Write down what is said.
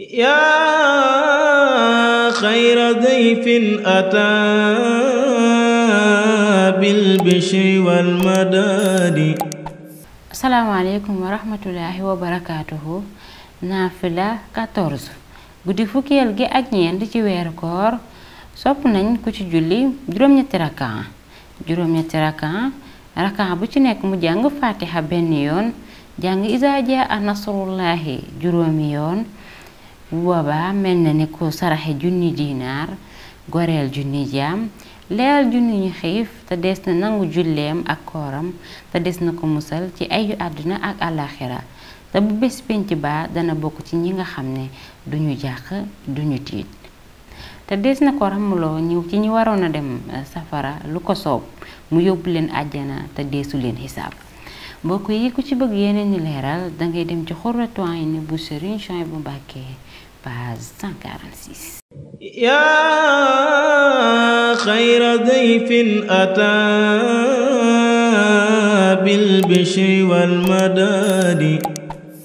yaa xayra dayfin ataa bil bishri wal madaadi asalaamaaleykum wa rahmatulaahi wa barakaatuhu naafila 14 guddi fukkeel gi ak ñeent ci weeru koor sopp nañ ku ci julli juróom-ñetti rakan juróom bu ci nekk mu jàng faatiha benn yoon jàng izaa jaa nasrullaahi juróomi yoon bu boobaa mel na ni ko saraxe junni dinaar goreel junni jaam leel junni ñu xiif te des na nangu julleem ak kooram te des na ko musal ci ayu àdduna ak àllaaxira te bu bés pénc baa dana bokk ci ñi nga xam ne duñu jàq duñu tiit te des na ko ramuloo ñëw ci ñi waroon a dem safara lu ko soob mu yóbbu leen àjjana te desu leen xisaab mbokk yi ku ci bëgg yeneen ñi leeral da ngay dem ci xurratuwaay ni bu Serigne Souhaïbou Mbacké page 146 yaa xayra dayfin ataa bil bishri wal madadi